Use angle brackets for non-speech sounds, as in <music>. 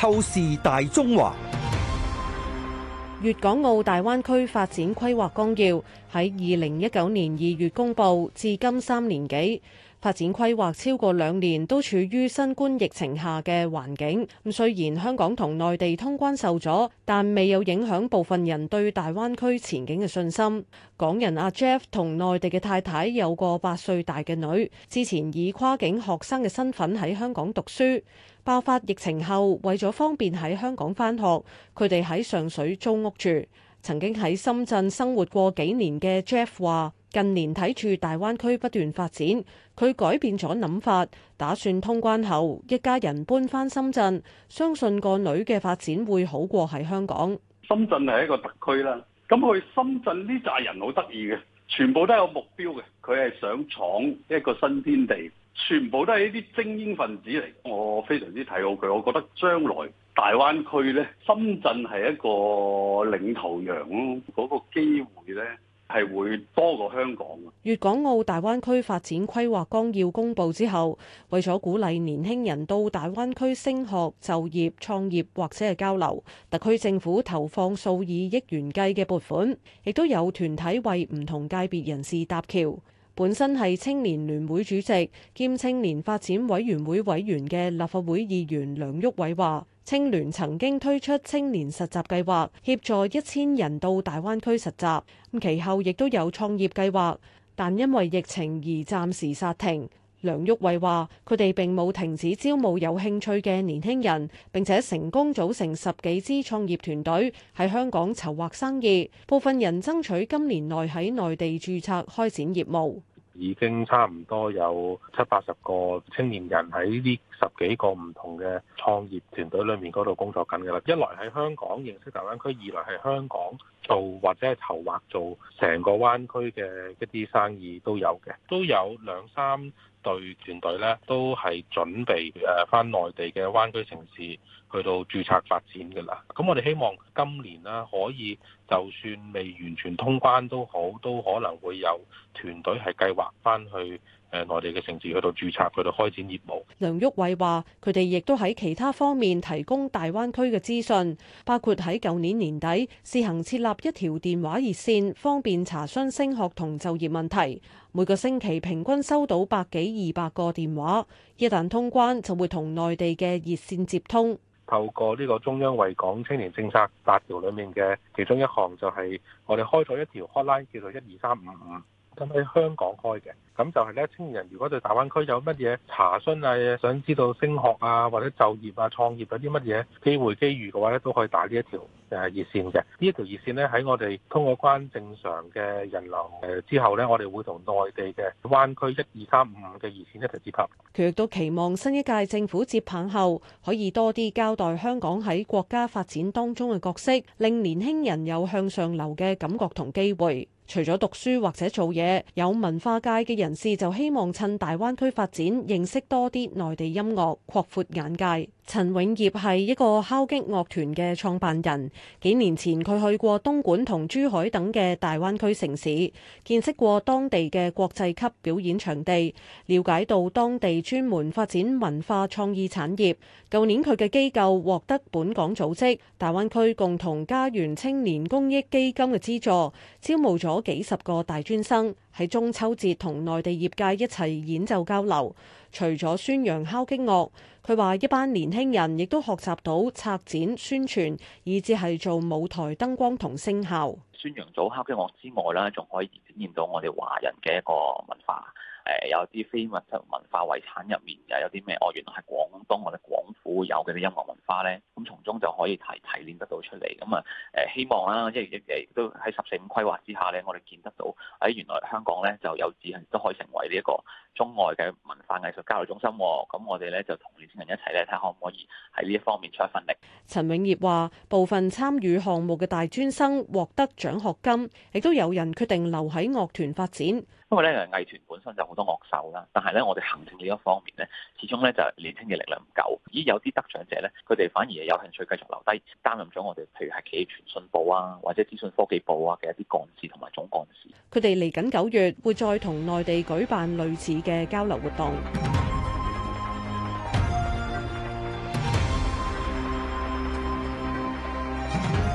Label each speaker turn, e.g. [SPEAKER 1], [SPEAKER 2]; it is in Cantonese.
[SPEAKER 1] 透視大中華，粵港澳大灣區發展規劃綱要喺二零一九年二月公布，至今三年幾。發展規劃超過兩年，都處於新冠疫情下嘅環境。咁雖然香港同內地通關受阻，但未有影響部分人對大灣區前景嘅信心。港人阿 Jeff 同內地嘅太太有個八歲大嘅女，之前以跨境學生嘅身份喺香港讀書。爆發疫情後，為咗方便喺香港返學，佢哋喺上水租屋住。曾經喺深圳生活過幾年嘅 Jeff 話，近年睇住大灣區不斷發展，佢改變咗諗法，打算通關後一家人搬返深圳，相信個女嘅發展會好過喺香港。
[SPEAKER 2] 深圳係一個特區啦，咁去深圳呢扎人好得意嘅，全部都有目標嘅，佢係想闖一個新天地，全部都係呢啲精英分子嚟，我非常之睇好佢，我覺得將來。大灣區咧，深圳係一個領頭羊咯，嗰個機會咧係會多過香港嘅。
[SPEAKER 1] 粵港澳大灣區發展規劃綱要公布之後，為咗鼓勵年輕人到大灣區升學、就業、創業或者係交流，特區政府投放數以億元計嘅撥款，亦都有團體為唔同界別人士搭橋。本身係青年聯會主席兼青年發展委員會委員嘅立法會議員梁毓偉話，青聯曾經推出青年實習計劃協助一千人到大灣區實習，其後亦都有創業計劃，但因為疫情而暫時煞停。梁毓偉話，佢哋並冇停止招募有興趣嘅年輕人，並且成功組成十幾支創業團隊喺香港籌劃生意，部分人爭取今年內喺內地註冊開展業務。
[SPEAKER 2] 已經差唔多有七八十個青年人喺呢啲。十幾個唔同嘅創業團隊裏面嗰度工作緊嘅啦，一來喺香港認識大灣區，二來係香港做或者係籌劃做成個灣區嘅一啲生意都有嘅，都有兩三隊團隊呢都係準備誒翻內地嘅灣區城市去到註冊發展嘅啦。咁我哋希望今年啦，可以就算未完全通關都好，都可能會有團隊係計劃翻去。誒內地嘅城市去到註冊，去到開展業務。
[SPEAKER 1] 梁毓偉話：佢哋亦都喺其他方面提供大灣區嘅資訊，包括喺舊年年底試行設立一條電話熱線，方便查詢升學同就業問題。每個星期平均收到百幾二百個電話，一旦通關就會同內地嘅熱線接通。
[SPEAKER 2] 透過呢個中央為港青年政策八條裡面嘅其中一項，就係我哋開咗一條 hotline 叫做一二三五五。咁喺香港開嘅，咁就係咧，青年人如果對大灣區有乜嘢查詢啊，想知道升學啊，或者就業啊、創業有啲乜嘢機會、機遇嘅話咧，都可以打呢一條誒熱線嘅。呢一條熱線呢，喺我哋通過關正常嘅人流誒之後呢，我哋會同內地嘅灣區一二三五五嘅熱線一齊接洽。
[SPEAKER 1] 佢亦都期望新一屆政府接棒後，可以多啲交代香港喺國家發展當中嘅角色，令年輕人有向上流嘅感覺同機會。 <music> 除咗讀書或者做嘢，有文化界嘅人士就希望趁大灣區發展，認識多啲內地音樂，擴闊眼界。陳永業係一個敲擊樂團嘅創辦人。幾年前，佢去過東莞同珠海等嘅大灣區城市，見識過當地嘅國際級表演場地，了解到當地專門發展文化創意產業。舊年，佢嘅機構獲得本港組織大灣區共同家園青年公益基金嘅資助，招募咗幾十個大專生。喺中秋節同內地業界一齊演奏交流，除咗宣揚敲擊樂，佢話一班年輕人亦都學習到策展、宣傳，以至係做舞台燈光同聲效。
[SPEAKER 3] 宣揚咗敲擊樂之外咧，仲可以展現到我哋華人嘅一個文化。誒，有啲非物質文化遺產入面嘅有啲咩？我原來係廣東或者廣府有嘅啲音樂文化咧。咁從中就可以提提煉得到出嚟，咁啊誒希望啦，即係亦都喺十四五規劃之下咧，我哋見得到喺原來香港咧就有資格都可以成為呢一個中外嘅文化藝術交流中心。咁我哋咧就同年輕人一齊咧，睇可唔可以喺呢一方面出一份力。
[SPEAKER 1] 陳永業話：部分參與項目嘅大專生獲得獎學金，亦都有人決定留喺樂團發展。
[SPEAKER 3] 因為咧藝團本身就好多樂手啦，但係咧我哋行政呢一方面咧，始終咧就年輕嘅力量唔夠。咦，有啲得獎者咧，佢哋反而～有興趣繼續留低，擔任咗我哋，譬如係企業傳訊部啊，或者資訊科技部啊嘅一啲幹事同埋
[SPEAKER 1] 總幹事。佢哋嚟緊九月會再同內地舉辦類似嘅交流活動。 <music>